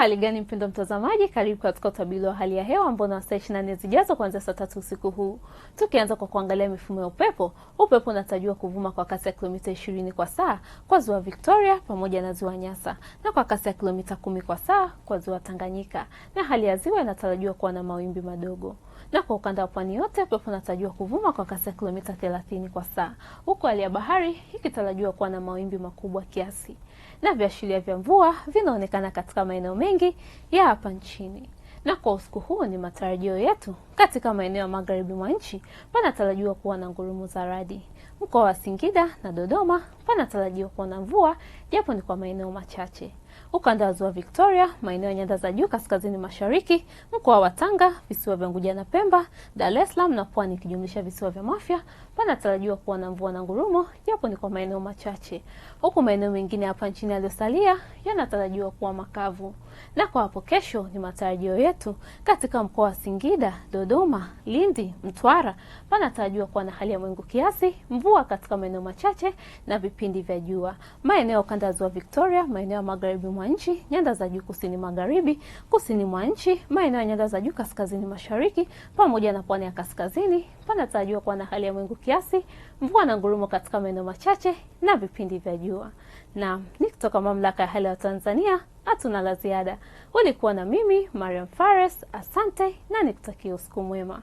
Hali gani mpendwa mtazamaji, karibu katika utabiri wa hali ya hewa ambao na saa 24 zijazo kuanzia saa tatu usiku huu, tukianza kwa kuangalia mifumo ya upepo. Upepo unatarajiwa kuvuma kwa kasi ya kilomita 20 kwa saa kwa ziwa Victoria pamoja na ziwa Nyasa na kwa kasi ya kilomita 10 kwa saa kwa ziwa Tanganyika, na hali ya ziwa inatarajiwa kuwa na mawimbi madogo na kwa ukanda wa pwani yote kunatarajiwa kuvuma kwa kasi ya kilomita 30 kwa saa, huku hali ya bahari ikitarajiwa kuwa na mawimbi makubwa kiasi, na viashiria vya mvua vinaonekana katika maeneo mengi ya hapa nchini na kwa usiku huu ni matarajio yetu katika maeneo ya magharibi mwa nchi panatarajiwa kuwa na ngurumo za radi. Mkoa wa Singida na Dodoma panatarajiwa kuwa na mvua japo ni kwa maeneo machache ukanda wa ziwa Victoria, maeneo ya nyanda za juu kaskazini mashariki, mkoa wa Tanga, visiwa vya Unguja na Pemba, Dar es Salaam na Pwani ikijumlisha visiwa vya Mafia, panatarajiwa kuwa na mvua na ngurumo, japo ni kwa maeneo machache, huku maeneo mengine hapa nchini yaliyosalia yanatarajiwa kuwa makavu. Na kwa hapo kesho ni matarajio yetu katika mkoa wa Singida, Dodoma, Lindi, Mtwara panatarajiwa kuwa na hali ya mwingu kiasi, mvua katika maeneo machache na vipindi vya jua. Maeneo ya ukanda wa ziwa Victoria, maeneo ya magharibi magharibi mwa nchi, nyanda za juu kusini magharibi, kusini mwa nchi, maeneo ya nyanda za juu kaskazini mashariki pamoja na pwani ya kaskazini panatarajiwa kuwa na hali ya mawingu kiasi, mvua na ngurumo katika maeneo machache na vipindi vya jua. Na ni kutoka Mamlaka ya Hali ya Tanzania, hatuna la ziada. Ulikuwa na mimi Mariam Fares, asante na nikutakia usiku mwema.